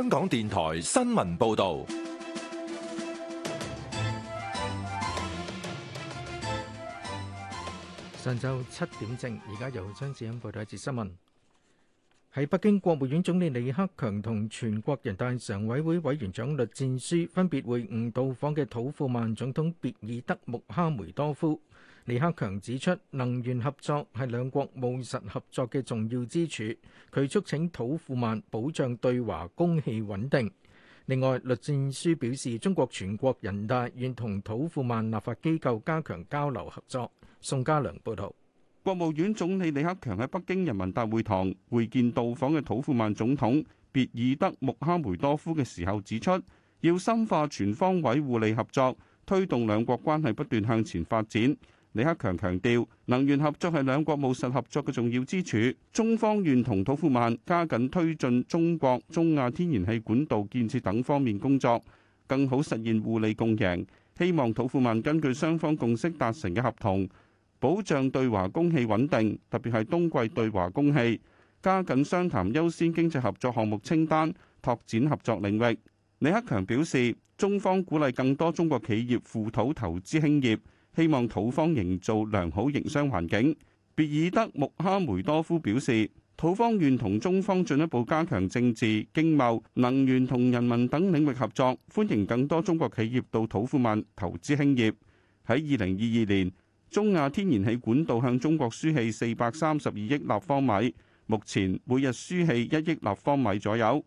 香港電台新聞報道，上晝七點正，而家由張志欣報道一節新聞。喺北京，國務院總理李克強同全國人大常委會委員長栗戰書分別會晤到訪嘅土庫曼總統別爾德穆哈梅多夫。李克強指出，能源合作係兩國務實合作嘅重要支柱。佢促請土庫曼保障對華供氣穩定。另外，栗戰書表示，中國全國人大願同土庫曼立法機構加強交流合作。宋家良報道，國務院總理李克強喺北京人民大會堂會見到訪嘅土庫曼總統別爾德穆哈梅多夫嘅時候指出，要深化全方位互利合作，推動兩國關係不斷向前發展。李克強強調，能源合作係兩國務實合作嘅重要支柱。中方願同土庫曼加緊推進中國中亞天然氣管道建設等方面工作，更好實現互利共贏。希望土庫曼根據雙方共識達成嘅合同，保障對華供氣穩定，特別係冬季對華供氣。加緊商談優先經濟合作項目清單，拓展合作領域。李克強表示，中方鼓勵更多中國企業赴土投資興業。希望土方營造良好營商環境。別爾德穆哈梅多夫表示，土方願同中方進一步加強政治、經貿、能源同人民等領域合作，歡迎更多中國企業到土庫曼投資興業。喺二零二二年，中亞天然氣管道向中國輸氣四百三十二億立方米，目前每日輸氣一億立方米左右。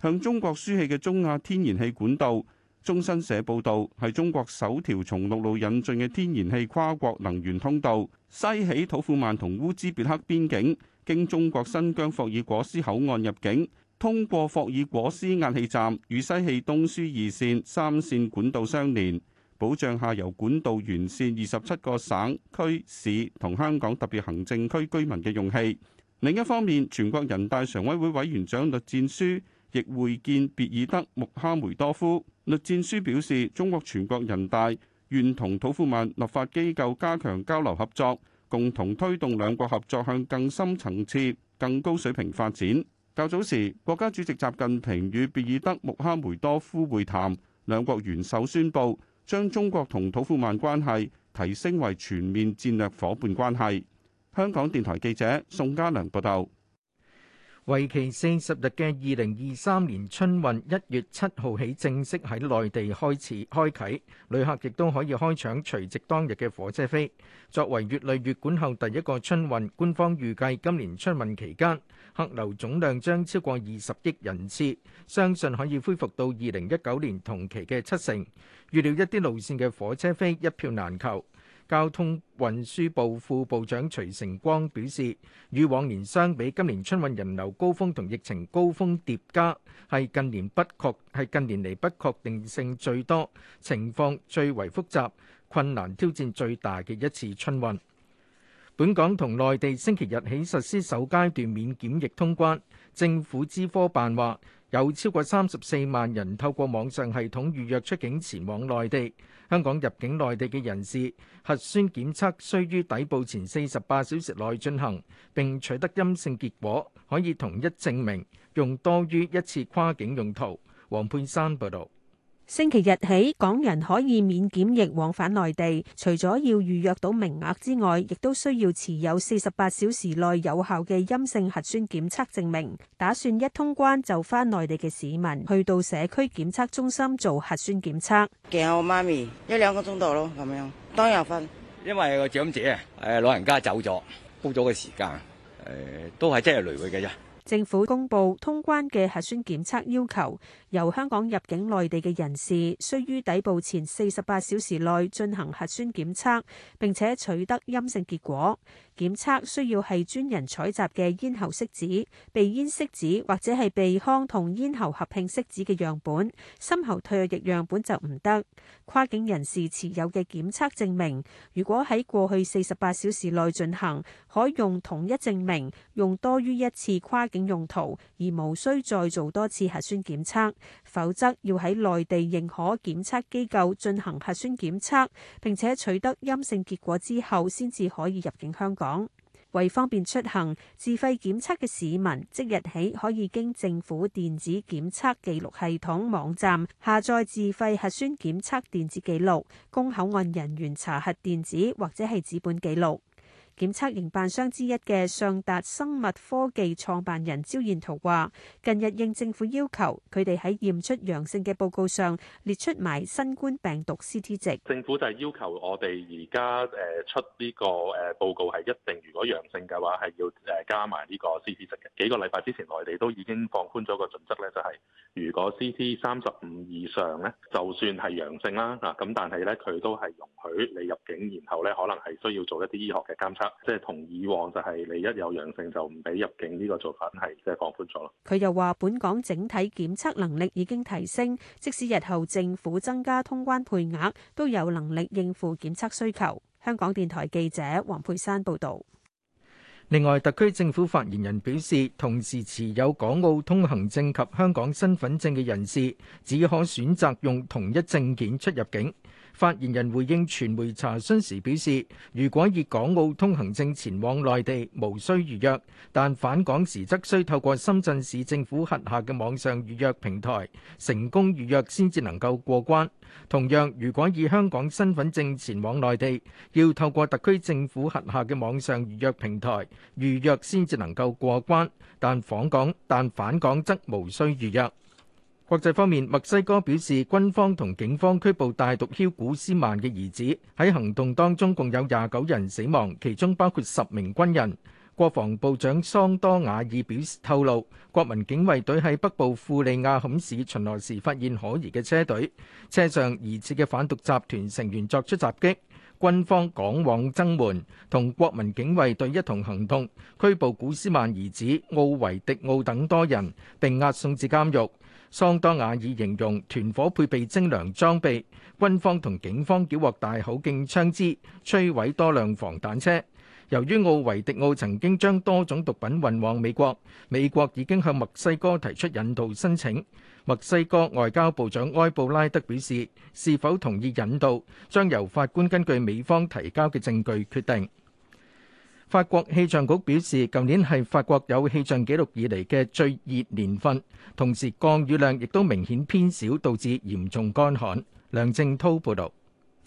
向中國輸氣嘅中亞天然氣管道。中新社報道，係中國首條從陸路引進嘅天然氣跨國能源通道，西起土庫曼同烏茲別克邊境，經中國新疆霍爾果斯口岸入境，通過霍爾果斯壓氣站與西氣東輸二線、三線管道相連，保障下游管道沿線二十七個省區市同香港特別行政區居民嘅用氣。另一方面，全國人大常委會委員長栗戰書。亦會見別爾德穆哈梅多夫。栗戰書表示，中國全國人大願同土庫曼立法機構加強交流合作，共同推動兩國合作向更深層次、更高水平發展。較早時，國家主席習近平與別爾德穆哈梅多夫會談，兩國元首宣布將中國同土庫曼關係提升為全面戰略夥伴關係。香港電台記者宋家良報道。為期四十日嘅二零二三年春運一月七號起正式喺內地開始開啟，旅客亦都可以開搶除夕當日嘅火車飛。作為越嚟越管後第一個春運，官方預計今年春運期間客流總量將超過二十億人次，相信可以恢復到二零一九年同期嘅七成。預料一啲路線嘅火車飛一票難求。交通運輸部副部長徐成光表示，與往年相比，今年春運人流高峰同疫情高峰疊加，係近年不確係近年嚟不確定性最多、情況最為複雜、困難挑戰最大嘅一次春運。本港同內地星期日起實施首階段免檢疫通關，政府資科辦話，有超過三十四萬人透過網上系統預約出境前往內地。香港入境內地嘅人士，核酸檢測須於抵埗前四十八小時內進行，並取得陰性結果，可以同一證明用多於一次跨境用途。黃佩珊報導。星期日起，港人可以免檢疫往返，返內地，除咗要預約到名額之外，亦都需要持有四十八小時內有效嘅陰性核酸檢測證明。打算一通關就返內地嘅市民，去到社區檢測中心做核酸檢測。夾我媽咪一兩個鐘頭咯，咁樣當日瞓。因為個長者誒老人家走咗，煲咗個時間，誒、呃、都係真係累佢嘅啫。政府公布通關嘅核酸檢測要求。由香港入境內地嘅人士，需於抵埗前四十八小時內進行核酸檢測，並且取得陰性結果。檢測需要係專人採集嘅咽喉拭子、鼻咽拭子或者係鼻腔同咽喉合併拭子嘅樣本，深喉唾液樣本就唔得。跨境人士持有嘅檢測證明，如果喺過去四十八小時內進行，可用同一證明用多於一次跨境用途，而無需再做多次核酸檢測。否則要喺內地認可檢測機構進行核酸檢測，並且取得陰性結果之後，先至可以入境香港。為方便出行，自費檢測嘅市民即日起可以經政府電子檢測記錄系統網站下載自費核酸檢測電子記錄，供口岸人員查核電子或者係紙本記錄。檢測營辦商之一嘅尚達生物科技創辦人招彥圖話，近日應政府要求，佢哋喺驗出陽性嘅報告上列出埋新冠病毒 C T 值。政府就係要求我哋而家誒出呢個誒報告係一定，如果陽性嘅話係要誒加埋呢個 C T 值嘅。幾個禮拜之前內地都已經放寬咗個準則咧，就係如果 C T 三十五以上咧，就算係陽性啦。啊咁，但係咧佢都係容許你入境，然後咧可能係需要做一啲醫學嘅監測。即係同以往就係你一有陽性就唔俾入境呢個做法係即係放寬咗。佢又話：本港整體檢測能力已經提升，即使日後政府增加通關配額，都有能力應付檢測需求。香港電台記者黃佩珊報導。另外，特區政府發言人表示，同時持有港澳通行證及香港身份證嘅人士，只可選擇用同一證件出入境。發言人回應傳媒查詢時表示，如果以港澳通行證前往內地，無需預約，但返港時則需透過深圳市政府轄下嘅網上預約平台成功預約先至能夠過關。同樣，如果以香港身份證前往內地，要透過特區政府轄下嘅網上預約平台預約先至能夠過關，但返港但返港則無需預約。國際方面，墨西哥表示，軍方同警方拘捕大毒梟古斯曼嘅兒子喺行動當中，共有廿九人死亡，其中包括十名軍人。國防部長桑多瓦爾表示透露，國民警衛隊喺北部庫利亞坎市巡邏時發現可疑嘅車隊，車上疑似嘅反毒集團成員作出襲擊，軍方趕往增援，同國民警衛隊一同行動，拘捕古斯曼兒子奧維迪奧等多人，並押送至監獄。桑多瓦爾形容團伙配備精良裝備，軍方同警方繳獲大口徑槍支，摧毀多輛防彈車。由於奧維迪奧曾經將多種毒品運往美國，美國已經向墨西哥提出引渡申請。墨西哥外交部長埃布拉德表示，是否同意引渡，將由法官根據美方提交嘅證據決定。法國氣象局表示，舊年係法國有氣象記錄以嚟嘅最熱年份，同時降雨量亦都明顯偏少，導致嚴重乾旱。梁正滔報導。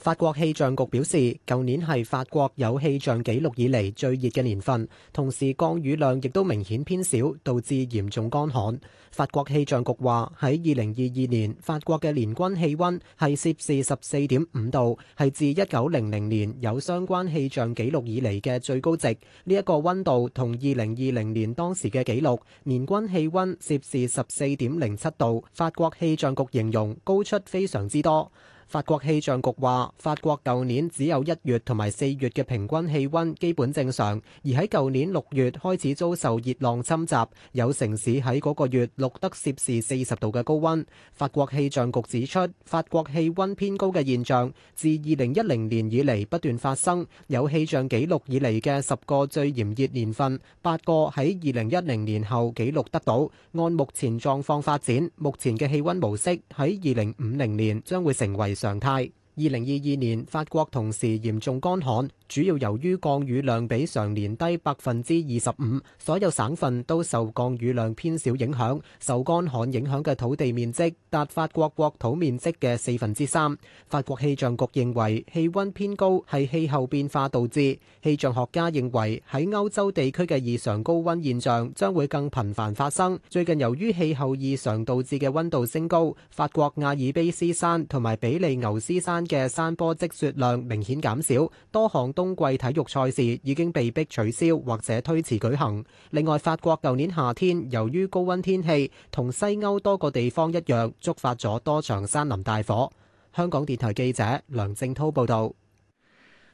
法國氣象局表示，舊年係法國有氣象記錄以嚟最熱嘅年份，同時降雨量亦都明顯偏少，導致嚴重乾旱。法國氣象局話喺二零二二年，法國嘅年均氣温係攝氏十四點五度，係自一九零零年有相關氣象記錄以嚟嘅最高值。呢一個温度同二零二零年當時嘅記錄年均氣温攝氏十四點零七度，法國氣象局形容高出非常之多。法國氣象局話，法國舊年只有一月同埋四月嘅平均氣温基本正常，而喺舊年六月開始遭受熱浪侵襲，有城市喺嗰個月錄得攝氏四十度嘅高温。法國氣象局指出，法國氣温偏高嘅現象自二零一零年以嚟不斷發生，有氣象記錄以嚟嘅十個最炎熱年份，八個喺二零一零年後記錄得到。按目前狀況發展，目前嘅氣温模式喺二零五零年將會成為常態。二零二二年，法國同時嚴重乾旱，主要由於降雨量比常年低百分之二十五，所有省份都受降雨量偏少影響。受乾旱影響嘅土地面積達法國國土面積嘅四分之三。法國氣象局認為氣温偏高係氣候變化導致。氣象學家認為喺歐洲地區嘅異常高温現象將會更頻繁發生。最近由於氣候異常導致嘅溫度升高，法國亞爾卑斯山同埋比利牛斯山嘅山坡積雪量明顯減少，多項冬季體育賽事已經被迫取消或者推遲舉行。另外，法國舊年夏天由於高温天氣，同西歐多個地方一樣，觸發咗多場山林大火。香港電台記者梁正滔報導。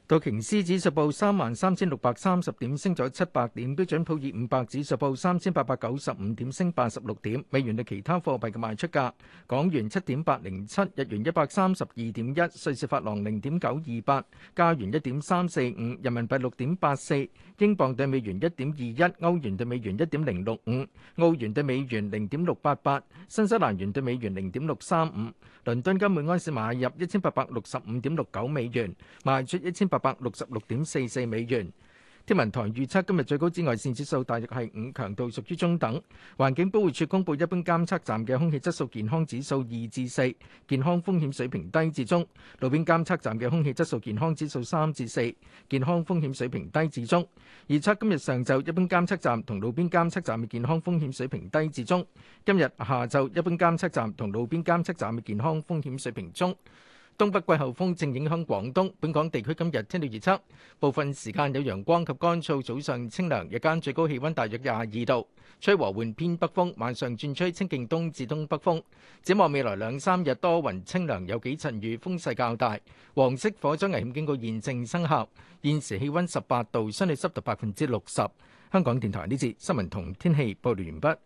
道瓊斯指數報三萬三千六百三十點，升咗七百點；標準普爾五百指數報三千八百九十五點，升八十六點。美元對其他貨幣嘅賣出價：港元七點八零七，日元一百三十二點一，瑞士法郎零點九二八，加元一點三四五，人民幣六點八四，英鎊對美元一點二一，歐元對美元一點零六五，澳元對美元零點六八八，新西蘭元對美元零點六三五。倫敦金每安士買入一千八百六十五點六九美元，賣出一千八。百六十六點四四美元。天文台預測今日最高紫外線指數大約係五，強度屬於中等。環境保護署公佈一般監測站嘅空氣質素健康指數二至四，健康風險水平低至中；路邊監測站嘅空氣質素健康指數三至四，健康風險水平低至中。預測今日上晝一般監測站同路邊監測站嘅健康風險水平低至中；今日下晝一般監測站同路邊監測站嘅健康風險水平中。東北季候風正影響廣東，本港地區今日天氣預測，部分時間有陽光及乾燥，早上清涼，日間最高氣温大約廿二度，吹和緩偏北風，晚上轉吹清勁東至東北風。展望未來兩三日多雲清涼，有幾陣雨，風勢較大。黃色火災危險警告現正生效。現時氣温十八度，相對濕度百分之六十。香港電台呢節新聞同天氣報道完畢。